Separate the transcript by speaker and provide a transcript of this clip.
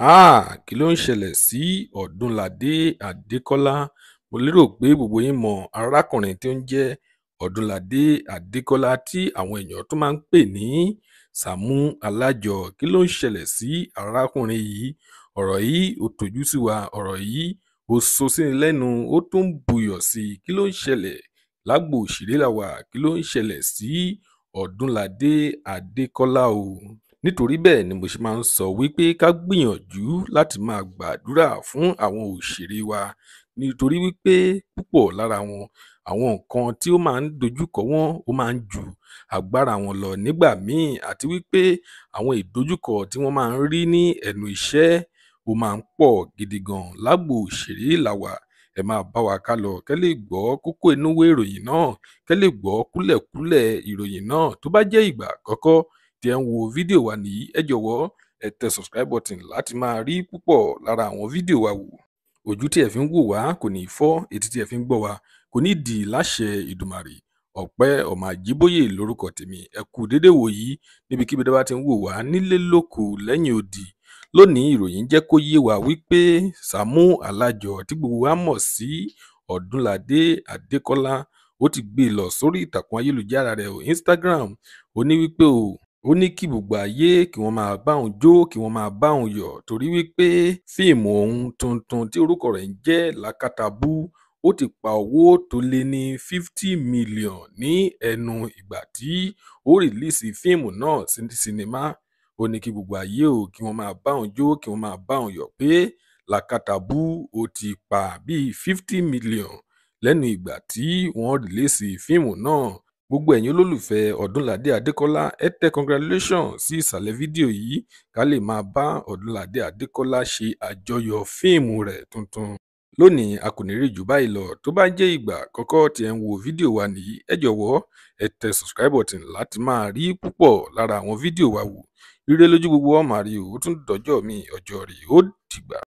Speaker 1: háà kí ló ń ṣẹlẹ sí ọdúnládé adékọlá mo lérò pé gbogbo yín mọ arákùnrin tó ń jẹ ọdúnládé adékọlá tí àwọn èèyàn tó máa ń pè ní sàmú alájọ kí ló ń ṣẹlẹ sí arákùnrin yìí ọrọ yìí ò tójú sí wa ọrọ yìí ò so sí ni lẹnu ó tún buyọ sí i kí ló ń ṣẹlẹ lágbo òṣèré làwà kí ló ń ṣẹlẹ sí ọdúnládé adékọlá o nítorí bẹ́ẹ̀ ni mo ṣe máa ń sọ wípé ká gbìyànjú láti máa gbàdúrà fún àwọn òṣèré wa nítorí wípé púpọ̀ lára wọn àwọn nǹkan tí ó máa ń dojúkọ wọn ó máa ń ju agbára wọn lọ nígbà míì àti wípé àwọn ìdojúkọ tí wọ́n máa ń rí ní ẹnu iṣẹ́ ó máa ń pọ̀ gidi gan lágbo òṣèré làwà ẹ máa bá wa ká lọ kẹ́ lè gbọ́ kókó inúwé ìròyìn náà kẹ́ lè gbọ́ kúlẹ̀kúlẹ̀ ìròyìn náà tó bá jẹ́ ìgbà àkọ́kọ́ tí ẹ ń wo fídíò wa nìyí ẹ jọ̀wọ́ ẹ tẹ subscribe button láti máa rí púpọ̀ lára àwọn fídíò wa wò ojú tí ẹ fi ń wò wá kò ní fọ́ etí tí ẹ fi ń gbọ́ wa kò ní di láṣẹ ìdùmàrè ọpẹ́ ọmọ àjíbóyè lórúkọ tèmi ẹ kú déédéé wò yìí níbikíbi tó bá ti ń wò wá nílé lóko lẹ́yìn odi lónìí ìròyìn jẹ́ kó yé wa wípé Sàámú Alájọ tí gbogbo wa mọ̀ sí Ọdúnládé Adékọ́lá ó ti gbé e lọ sórí ìtàkùn ayélujára rẹ̀ o Instagram ó ní wípé o ó ní kí gbogbo ayé kí wọ́n máa bá òun jó kí wọ́n máa bá òun yọ̀ torí wípé fíìmù ọ̀hún tuntun tí orúkọ rẹ̀ ń jẹ́ lákàtàbú ó ti pa owó tó lé ní fifty million ní ẹnu ìgbà tí ó rìlíìsì fíìmù náà sí sinimá ó ní kí gbogbo ayé o kí wọ́n máa bá òun jó kí wọ́n máa bá òun yọ̀ pé lákàtàbú ó ti pa bíi fifty million lẹ́nu ìgbà tí wọ́n rìlíìsì fíìmù náà gbogbo ẹ̀yin olólùfẹ́ ọdúnládé adékọ́lá ẹ tẹ congratulation sí ìsàlẹ̀ fídíò yìí ká lè máa bá ọdúnládé adékọ́lá ṣe àjọyọ̀ fíìmù rẹ̀ tuntun lónìí a kò ní rí jù báyìí lọ tó bá jẹ́ ìgbà àkọ́kọ́ tí ẹ ń wo fídíò wa nìyí ẹ jọ̀wọ́ ẹ tẹ subscribe button láti máa rí púpọ̀ lára àwọn fídíò wa wò ire lójú gbogbo ọmọ àríwó tún dọjọ́ mi ọjọ́ rí ó dìgbà.